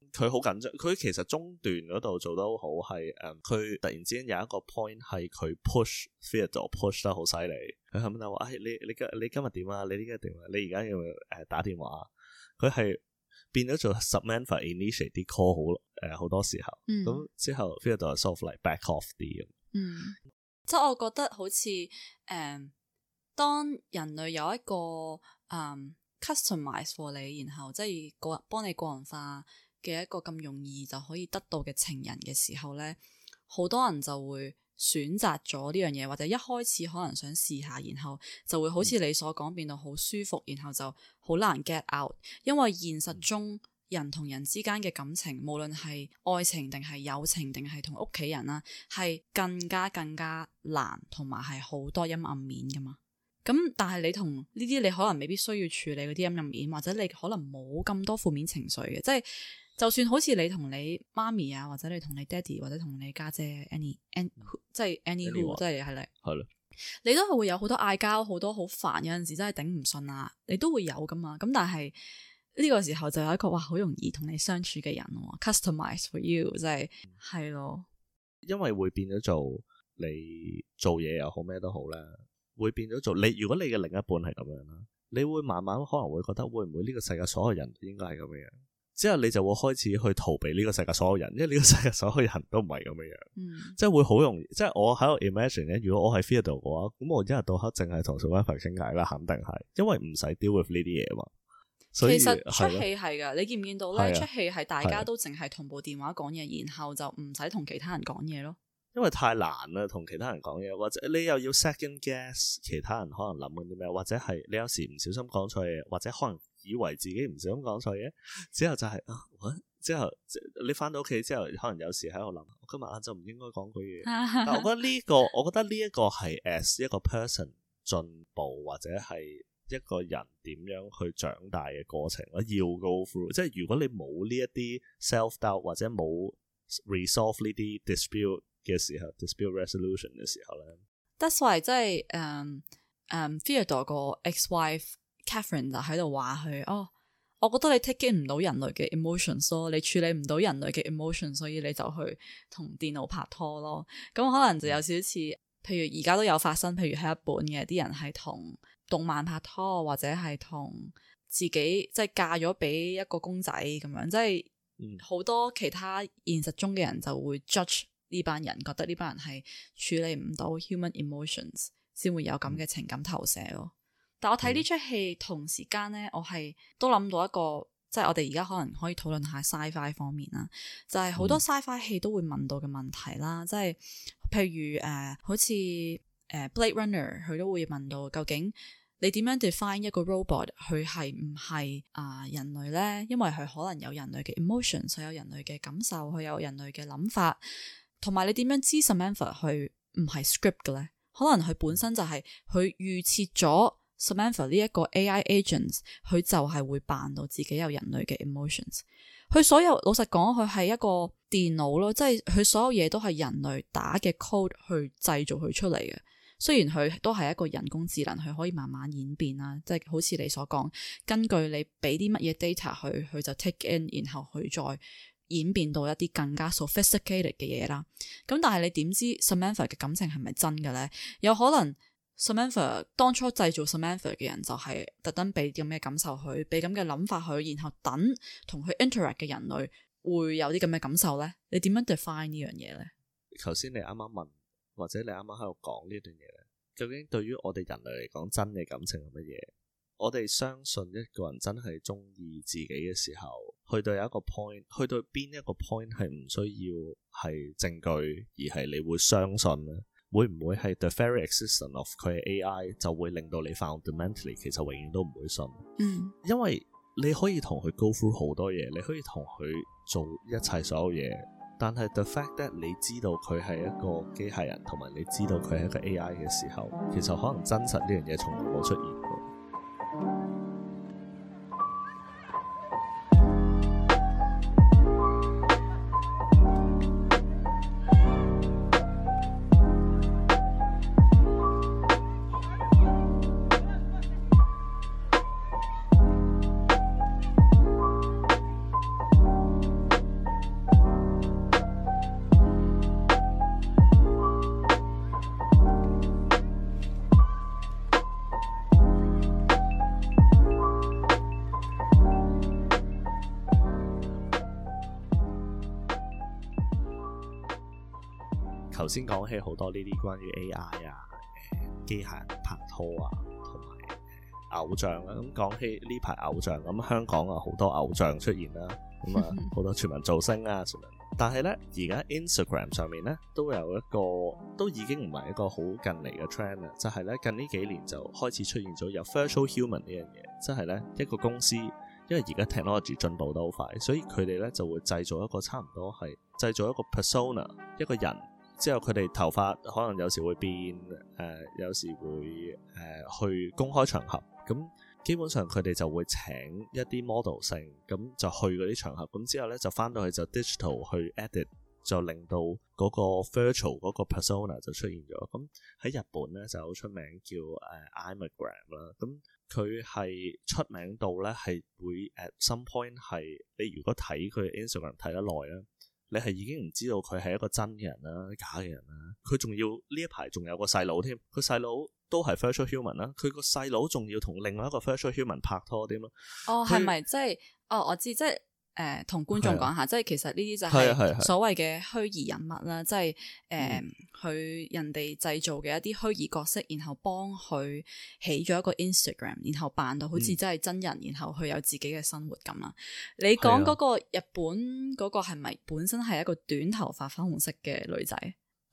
佢好緊張，佢其實中段嗰度做得好係誒，佢、嗯、突然之間有一個 point 係佢 push Theodore push 得好犀利。佢咁就話，哎，你你，你，你今你今日點啊？你呢個點啊？你而家要冇打電話？佢係變咗做 Samantha for initiate 啲 call 好誒，好、呃、多時候咁、嗯、之後 Theodore soft 嚟 back off 啲咁。嗯，即係我覺得好似誒、嗯，當人類有一個誒、嗯、customise for 你，然後即係個幫你個人化。嘅一個咁容易就可以得到嘅情人嘅時候呢，好多人就會選擇咗呢樣嘢，或者一開始可能想試下，然後就會好似你所講，變到好舒服，然後就好難 get out，因為現實中人同人之間嘅感情，無論係愛情定係友情定係同屋企人啦，係更加更加難，同埋係好多陰暗面㗎嘛。咁但係你同呢啲你可能未必需要處理嗰啲陰暗面，或者你可能冇咁多負面情緒嘅，即係。就算好似你同你媽咪啊，或者你同你爹哋，或者同你家姐，姐，any 即係 any who、嗯、即係係咧，係咯的的，你都係會有好多嗌交，好多好煩，有陣時真係頂唔順啊，你都會有噶嘛。咁但係呢個時候就有一個哇，好容易同你相處嘅人 customize for you，即係係咯，嗯、的因為會變咗做你做嘢又好咩都好啦，會變咗做你。如果你嘅另一半係咁樣啦，你會慢慢可能會覺得會唔會呢個世界所有人應該係咁樣？之後你就會開始去逃避呢個世界所有人，因為呢個世界所有人都唔係咁樣，嗯、即係會好容易。即係我喺度 imagine 咧，如果我係 Theodore 嘅話，咁我一日到黑淨係同 Samantha 傾偈啦，肯定係，因為唔使 deal with 呢啲嘢嘛。所以其實出戲係噶，的你見唔見到咧？出戲係大家都淨係同部電話講嘢，的然後就唔使同其他人講嘢咯。因為太難啦，同其他人講嘢，或者你又要 second guess 其他人可能諗緊啲咩，或者係你有時唔小心講錯嘢，或者可能。以為自己唔想講錯嘢，之後就係，之後你翻到屋企之後，可能有時喺度諗，今日晏晝唔應該講佢嘢。但我覺得呢個，我覺得呢一個係 as 一個 person 進步或者係一個人點樣去長大嘅過程，我要 go through。即係如果你冇呢一啲 self doubt 或者冇 resolve 呢啲 dispute 嘅時候，dispute resolution 嘅時候咧。That's why 即係嗯嗯，feel 到個 ex wife。Catherine 就喺度話佢，哦、oh，我覺得你 taking 唔到人類嘅 emotions 咯，你處理唔到人類嘅 emotions，所以你就去同電腦拍拖咯。咁可能就有少少似，譬如而家都有發生，譬如喺日本嘅啲人係同動漫拍拖，或者係同自己即係嫁咗俾一個公仔咁樣，即係好多其他現實中嘅人就會 judge 呢班人，覺得呢班人係處理唔到 human emotions，先會有咁嘅情感投射咯。但我睇呢出戲同時間呢，我係都諗到一個，即係我哋而家可能可以討論下 Sci-Fi 方面啦。就係、是、好多 Sci-Fi 戲都會問到嘅問題啦，嗯、即係譬如誒、呃，好似誒、呃《Blade Runner》，佢都會問到究竟你點樣 define 一個 robot 佢係唔係啊人類呢？因為佢可能有人類嘅 emotion，所有人類嘅感受，佢有人類嘅諗法，同埋你點樣知《Samantha》去唔係 script 嘅咧？可能佢本身就係佢預設咗。Samantha 呢一個 AI agents，s 佢就係會扮到自己有人類嘅 emotions。佢所有老實講，佢係一個電腦咯，即係佢所有嘢都係人類打嘅 code 去製造佢出嚟嘅。雖然佢都係一個人工智能，佢可以慢慢演變啦，即係好似你所講，根據你俾啲乜嘢 data，佢佢就 take in，然後佢再演變到一啲更加 sophisticated 嘅嘢啦。咁但係你點知 Samantha 嘅感情係咪真嘅咧？有可能？Samantha 當初製造 Samantha 嘅人就係特登俾啲咁嘅感受佢，俾咁嘅諗法佢，然後等同佢 interact 嘅人類會有啲咁嘅感受咧？你點樣 define 呢樣嘢咧？頭先你啱啱問，或者你啱啱喺度講呢段嘢咧？究竟對於我哋人類嚟講，真嘅感情係乜嘢？我哋相信一個人真係中意自己嘅時候，去到有一個 point，去到邊一個 point 係唔需要係證據，而係你會相信咧？會唔會係 the very existence of 佢嘅 AI 就會令到你 fundamentally 其實永遠都唔會信？嗯，因為你可以同佢 go through 好多嘢，你可以同佢做一切所有嘢，但係 the fact that 你知道佢係一個機械人，同埋你知道佢係一個 AI 嘅時候，其實可能真實呢樣嘢從嚟冇出現過。先講起好多呢啲關於 A.I. 啊，機械人拍拖啊，同埋偶像啊。咁講起呢排偶像咁，香港啊好多偶像出現啦、啊。咁、嗯、啊好 [LAUGHS] 多全民造星啊，但係呢，而家 Instagram 上面呢，都有一個都已經唔係一個好近嚟嘅 trend 啦，就係、是、呢近呢幾年就開始出現咗有 virtual human、就是、呢樣嘢，即係呢一個公司，因為而家 technology 進步得好快，所以佢哋呢就會製造一個差唔多係製造一個 persona 一個人。之後佢哋頭髮可能有時會變，誒、呃、有時會誒、呃、去公開場合，咁、嗯、基本上佢哋就會請一啲 model 成，咁、嗯、就去嗰啲場合，咁、嗯、之後咧就返到去就 digital 去 edit，就令到嗰個 virtual 嗰個 persona 就出現咗。咁、嗯、喺日本咧就好出名叫誒 Imagram 啦，咁佢係出名到咧係會誒 at some point 係：你如果睇佢 Instagram 睇得耐咧。你係已經唔知道佢係一個真嘅人啦、啊，假嘅人啦、啊。佢仲要呢一排仲有個細佬添，佢細佬都係 virtual human 啦、啊。佢個細佬仲要同另外一個 virtual human 拍拖添、啊、咯。哦，係咪他即係？哦，我知即係。誒，同觀眾講下，即係其實呢啲就係所謂嘅虛擬人物啦，即係誒，佢人哋製造嘅一啲虛擬角色，然後幫佢起咗一個 Instagram，然後扮到好似真係真人，然後佢有自己嘅生活咁啦。你講嗰個日本嗰個係咪本身係一個短頭髮粉紅色嘅女仔？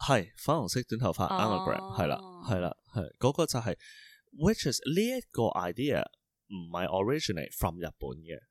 係粉紅色短頭髮 Instagram 係啦，係啦，係嗰個就係。Which is 呢一個 idea 唔係 originate from 日本嘅。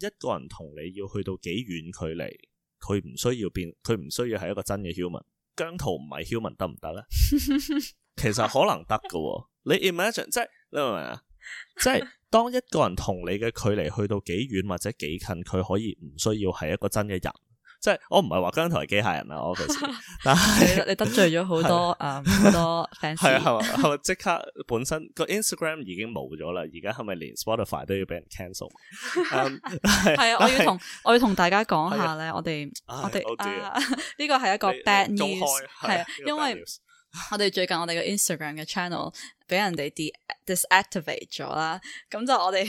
一個人同你要去到幾遠距離，佢唔需要變，佢唔需要係一個真嘅 human，姜濤唔係 human 得唔得咧？ [LAUGHS] 其實可能得噶、哦，你 imagine 即係你明唔明啊？即係當一個人同你嘅距離去到幾遠或者幾近，佢可以唔需要係一個真嘅人。即係我唔係話姜濤係機械人啊，我嗰次，但係你得罪咗好多啊好多 fans 係啊係即刻本身個 Instagram 已經冇咗啦，而家係咪連 Spotify 都要俾人 cancel？係啊，我要同我要同大家講下咧，我哋我哋呢個係一個 bad news，係啊，因為我哋最近我哋個 Instagram 嘅 channel 俾人哋 di disactivate 咗啦，咁就我哋。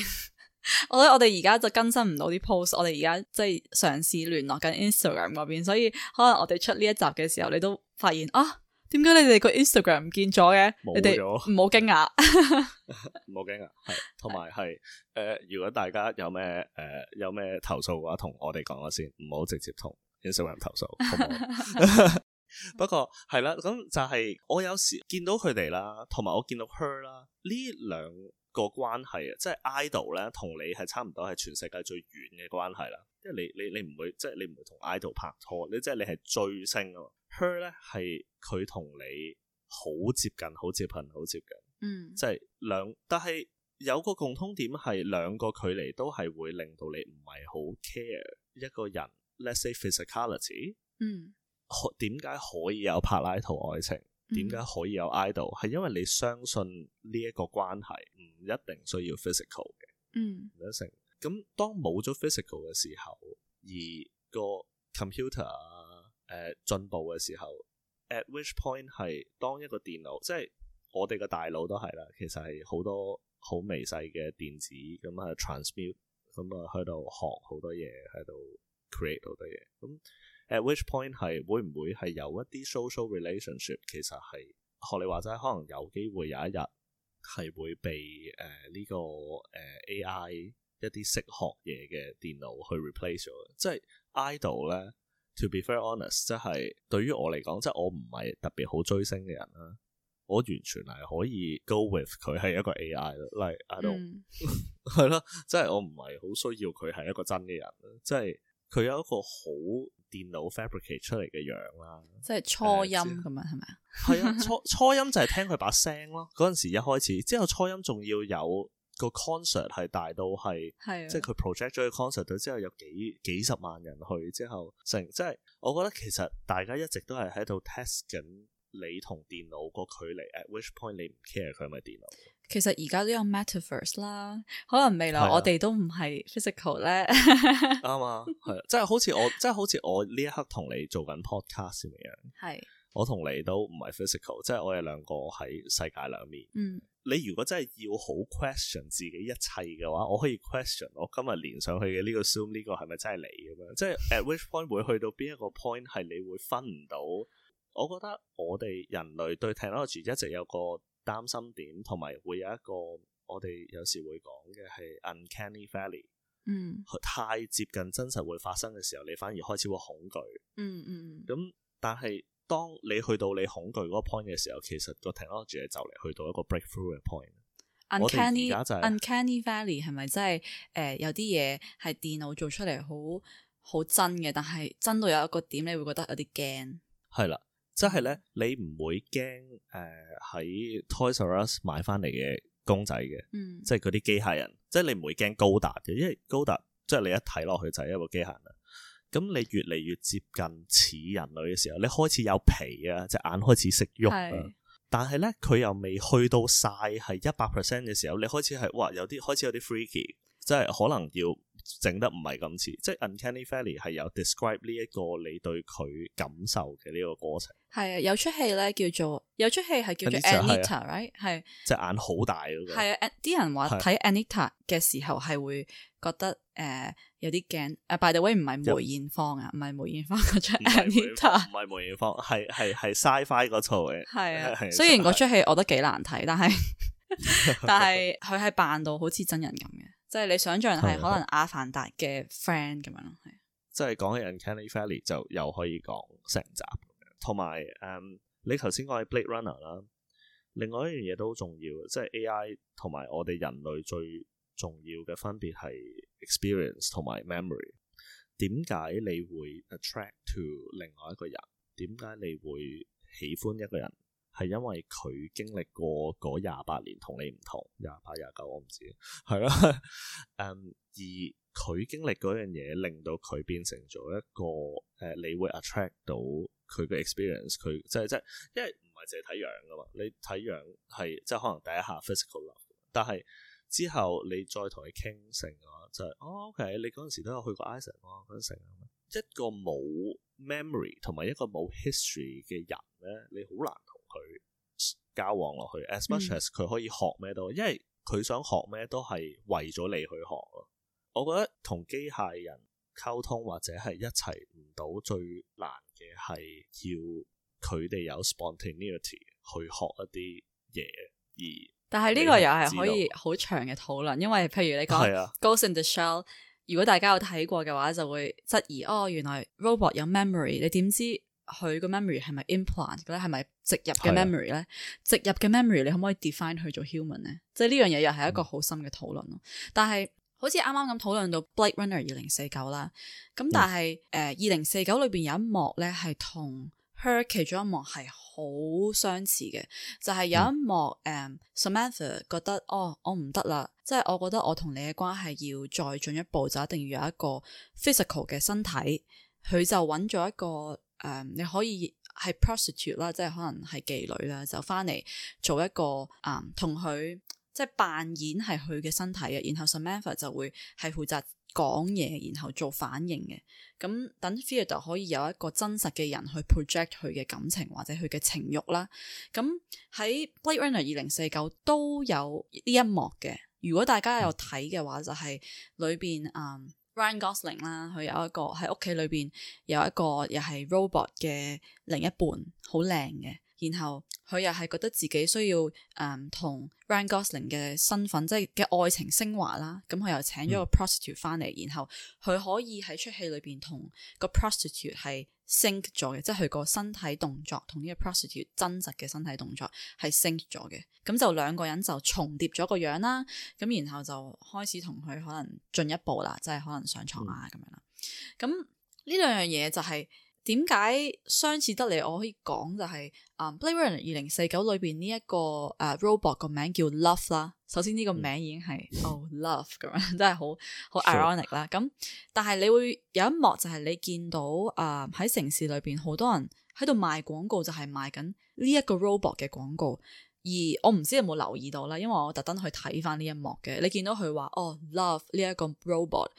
我覺得我哋而家就更新唔到啲 post，我哋而家即係嘗試聯絡緊 Instagram 嗰邊，所以可能我哋出呢一集嘅時候，你都發現啊，點解你哋個 Instagram 唔見咗嘅？冇咗了，唔好驚訝，唔好驚訝，係。同埋係誒，如、呃、果大家有咩誒、呃、有咩投訴嘅話，同我哋講咗先，唔好直接同 Instagram 投訴。好不，好 [LAUGHS] [LAUGHS] 不過係啦，咁就係我有時見到佢哋啦，同埋我見到 her 啦呢兩。個關係啊，即係 idol 咧，同你係差唔多，係全世界最遠嘅關係啦。因為你你你唔會即係你唔會同 idol 拍拖，你即係你係追星啊。Her 咧係佢同你好接近、好接近、好接近。接近，嗯，即係兩，但係有個共通點係兩個距離都係會令到你唔係好 care 一個人。嗯、Let's say physicality。嗯，點解可以有柏拉圖愛情？點解可以有 idol？係因為你相信呢一個關係唔一定需要 physical 嘅，嗯，成咁當冇咗 physical 嘅時候，而個 computer 啊，誒、呃、進步嘅時候，at which point 係當一個電腦，即係我哋嘅大腦都係啦，其實係好多好微細嘅電子咁啊 transmit 咁啊喺度學好多嘢，喺度 create 好多嘢，咁。At which point 係會唔會係有一啲 social relationship 其實係學你話齋，可能有機會有一日係會被誒呢、呃這個誒、呃、AI 一啲識學嘢嘅電腦去 replace 咗。即係 idol 咧，to be very honest，即係對於我嚟講，即係我唔係特別好追星嘅人啦。我完全係可以 go with 佢係一個 AI 咯，例如 idol 係咯，即係我唔係好需要佢係一個真嘅人，即係。佢有一個好電腦 fabricate 出嚟嘅樣啦，即係初音咁樣係咪啊？係啊初，初初音就係聽佢把聲咯。嗰陣 [LAUGHS] 時一開始之後，初音仲要有個 concert 係大到係，係 [LAUGHS] 即係佢 project 咗個 concert 之後有幾幾十萬人去之後成，即係我覺得其實大家一直都係喺度 test 緊你同電腦個距離。At which point 你唔 care 佢係咪電腦？其實而家都有 metaverse 啦，可能未來我哋都唔係 physical 咧，啱啊，係，即 [LAUGHS] 係、啊啊啊就是、好似我，即、就、係、是、好似我呢一刻同你做緊 podcast 咁樣，係是，我同你都唔係 physical，即係我哋兩個喺世界兩面。嗯，你如果真係要好 question 自己一切嘅話，我可以 question 我今日連上去嘅呢個 zoom 呢個係咪真係你咁樣？即係 [LAUGHS] at which point 會去到邊一個 point 係你會分唔到？我覺得我哋人類對 technology 一直有個。擔心點同埋會有一個我哋有時會講嘅係 uncanny valley，嗯，太接近真實會發生嘅時候，你反而開始會恐懼，嗯嗯，咁、嗯嗯、但係當你去到你恐懼嗰個 point 嘅時候，其實個 technology 就嚟去到一個 breakthrough 嘅 point。uncanny、就係、uncanny valley 係咪真係誒、呃、有啲嘢係電腦做出嚟好好真嘅，但係真到有一個點，你會覺得有啲驚？係啦。即係咧，你唔會驚誒喺、呃、Toys R Us 買翻嚟嘅公仔嘅，嗯、即係嗰啲機械人，即係你唔會驚高達嘅，因為高達即係你一睇落去就係一個機械人啦。咁你越嚟越接近似人類嘅時候，你開始有皮啊，隻眼開始識喐啊，是但係咧佢又未去到晒係一百 percent 嘅時候，你開始係哇有啲開始有啲 freaky，即係可能要。整得唔係咁似，即係 uncanny valley 係有 describe 呢一個你對佢感受嘅呢個過程。係啊，有出戲咧叫做有出戲係叫做 Anita，right？ [NOISE] 係隻眼好大嗰個。係啊，啲人話睇 Anita 嘅時候係會覺得誒、uh, 有啲驚。誒、uh,，by the way 唔係梅艷芳啊，唔係、嗯、梅艷芳嗰出 Anita，唔係梅艷芳，係係係 Sci-Fi 嗰套嘅。係啊，係。雖然嗰出戲我覺得幾難睇，但係 [LAUGHS] 但係佢係扮到好似真人咁嘅。即係你想象係可能《阿凡達》嘅 friend 咁樣咯，係 [NOISE] 啊，嗯、即係講起《Uncanny Valley》就又可以講成集咁樣，同埋誒你頭先講係《Blade Runner》啦。另外一樣嘢都好重要，即係 AI 同埋我哋人類最重要嘅分別係 experience 同埋 memory。點解你會 attract to 另外一個人？點解你會喜歡一個人？係因為佢經歷過嗰廿八年你同你唔同廿八廿九，28, 29, 我唔知係啦。誒、 [LAUGHS] 嗯，而佢經歷嗰樣嘢，令到佢變成咗一個誒、呃，你會 attract 到佢嘅 experience。佢即係即係，因為唔係淨係睇樣噶嘛。你睇樣係即係可能第一下 physical love，但係之後你再同佢傾性嘅話，就係哦，OK，你嗰陣時都有去過 Island 咯，一個冇 memory 同埋一個冇 history 嘅人咧，你好難。佢交往落去，as much as 佢可以學咩都，因為佢想學咩都係為咗你去學咯。我覺得同機械人溝通或者係一齊唔到最難嘅係要佢哋有 spontaneity 去學一啲嘢。而但係呢個又係可以好長嘅討論，因為譬如你講《Ghost in the Shell》，如果大家有睇過嘅話，就會質疑哦，原來 robot 有 memory，你點知？佢個 memory 係咪 implant 咧？係咪植入嘅 memory 咧？植是的 入嘅 memory，你可唔可以 define 去做 human 咧？即係呢樣嘢又係一個深討論、嗯、好深嘅討論咯。但係好似啱啱咁討論到 Blade Runner 二零四九啦，咁但係誒二零四九裏邊有一幕咧係同 Her 其中一幕係好相似嘅，就係、是、有一幕誒、嗯 um,，Samantha 覺得哦，我唔得啦，即、就、係、是、我覺得我同你嘅關係要再進一步，就一定要有一個 physical 嘅身體，佢就揾咗一個。誒，um, 你可以係 prostitute 啦，即係可能係妓女啦，就翻嚟做一個誒，同、嗯、佢即係扮演係佢嘅身體嘅，然後 Samantha 就會係負責講嘢，然後做反應嘅。咁等 Theodore 可以有一個真實嘅人去 project 佢嘅感情或者佢嘅情慾啦。咁喺 Blade Runner 二零四九都有呢一幕嘅。如果大家有睇嘅話，就係裏邊誒。嗯 Ryan Gosling 啦，佢有一個喺屋企裏邊，有一個又係 robot 嘅另一半，好靚嘅。然後佢又係覺得自己需要，誒、嗯，同 Ryan Gosling 嘅身份，即係嘅愛情升華啦。咁佢又請咗個 prostitute 翻嚟，然後佢可以喺出戲裏邊同個 prostitute 係 sync 咗嘅，即係佢個身體動作同呢個 prostitute 真實嘅身體動作係 sync 咗嘅。咁就兩個人就重疊咗個樣啦。咁然後就開始同佢可能進一步啦，即係可能上床啊咁、嗯、樣啦。咁呢兩樣嘢就係、是。點解相似得嚟？我可以講就係啊，um,《Blade Runner 二零四九》裏邊呢一個誒 robot 個名叫 Love 啦。首先呢個名已經係 [LAUGHS] 哦 Love 咁樣，真係好好 ironic 啦。咁 [LAUGHS] 但係你會有一幕就係你見到啊喺、uh, 城市裏邊好多人喺度賣廣告，就係賣緊呢一個 robot 嘅廣告。而我唔知你有冇留意到啦，因為我特登去睇翻呢一幕嘅。你見到佢話哦 Love 呢一個 robot。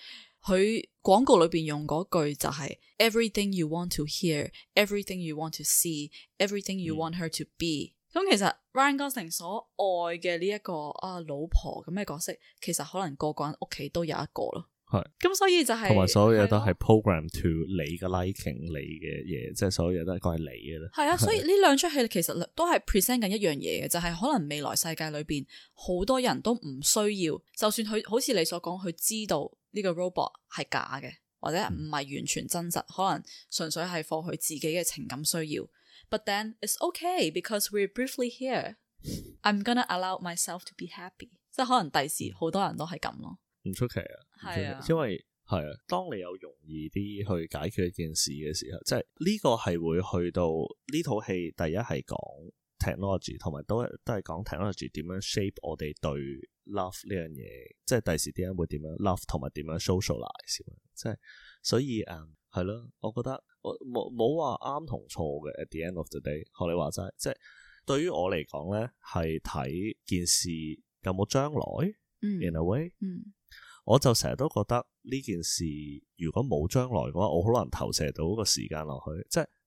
佢廣告裏邊用嗰句就係 everything you want to hear, everything you want to see, everything you want her to be，嗯。咁其實 Ryan Gosling 所愛嘅呢一個啊老婆咁嘅角色，其實可能個個人屋企都有一個咯。係咁是，所以就係同埋所有嘢都係 program to 你嘅 liking，你嘅嘢即係所有嘢都係講你嘅咧。係啊的，了所以呢兩出戲其實都係 present 緊一樣嘢嘅，就係、是、可能未來世界裏邊好多人都唔需要，就算佢好似你所講，佢知道。呢個 robot 係假嘅，或者唔係完全真實，可能純粹係放佢自己嘅情感需要。But then it's okay because we're briefly here. I'm gonna allow myself to be happy。嗯。即係可能第時好多人都係咁咯，唔出奇啊，係啊，因為係啊，當你有容易啲去解決一件事嘅時候，即係呢個係會去到呢套戲第一係講。technology 同埋都係都係講 technology 點樣 shape 我哋對 love 呢樣嘢，即係第時啲人會點樣 love 同埋點樣 socialize，即係所以誒係咯，我覺得我冇冇話啱同錯嘅。At the end of the day，學你話齋，即係對於我嚟講咧，係睇件事有冇將來。嗯、In a way，嗯、我就成日都覺得呢件事如果冇將來嘅話，我好難投射到個時間落去，即係。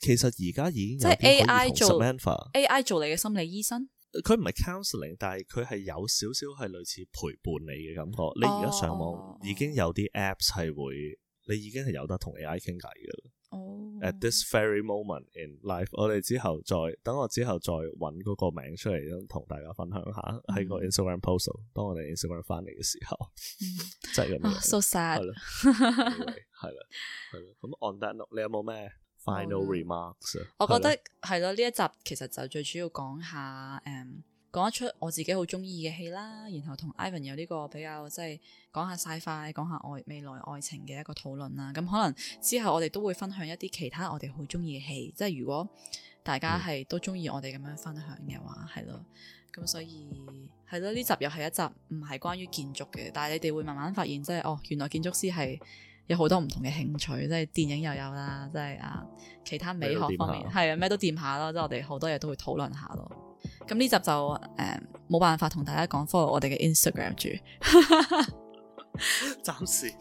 其實而家已經有啲可以同 AI 做 AI 做你嘅心理醫生。佢唔係 counseling，但係佢係有少少係類似陪伴你嘅感覺。你而家上網已經有啲 apps 係會，你已經係有得同 AI 傾偈㗎喇。At this very moment in life，我哋之後再等我之後再揾嗰個名出嚟，咁同大家分享下喺個 Instagram post。當我哋 Instagram 翻嚟嘅時候，真係咁樣 so sad。係啦，係啦，咁 on that note，你有冇咩？Final remarks，我覺得係咯，呢一集其實就最主要講下誒，um, 講一出我自己好中意嘅戲啦，然後同 Ivan 有呢個比較即係講下 sci-fi，講下愛未來愛情嘅一個討論啦。咁可能之後我哋都會分享一啲其他我哋好中意嘅戲，即係如果大家係都中意我哋咁樣分享嘅話，係咯。咁所以係咯，呢集又係一集唔係關於建築嘅，但係你哋會慢慢發現，即係哦，原來建築師係。有好多唔同嘅興趣，即係電影又有啦，即係啊其他美學方面係啊咩都掂下咯，即係我哋好多嘢都會討論下咯。咁呢集就誒冇、嗯、辦法同大家講，follow 我哋嘅 Instagram 住。 [LAUGHS] 暫暫時，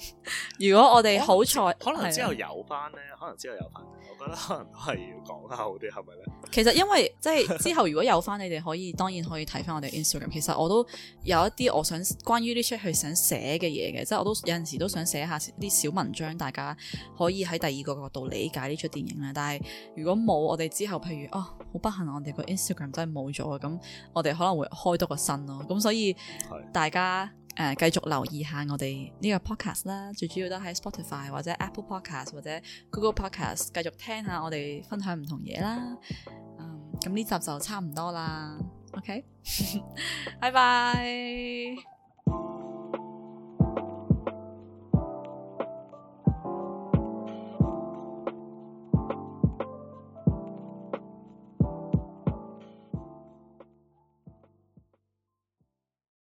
如果我哋好彩，可能之後有翻咧， [LAUGHS] 可能之後有翻，我覺得可能都係要講下好啲，係咪咧？其實因為即係之後如果有翻， [LAUGHS] 你哋可以當然可以睇翻我哋 Instagram。其實我都有一啲我想關於呢出戲想寫嘅嘢嘅，即係我都有陣時都想寫下啲小文章，大家可以喺第二個角度理解呢出電影咧。但係如果冇，我哋之後譬如哦，好不幸，我哋個 Instagram 真係冇咗，咁我哋可能會開多個新咯。咁所以大家。誒、呃、繼續留意下我哋呢個 podcast 啦，最主要都喺 Spotify 或者 Apple Podcast 或者 Google Podcast 繼續聽下我哋分享唔同嘢啦。嗯，咁呢集就差唔多啦。OK，拜拜。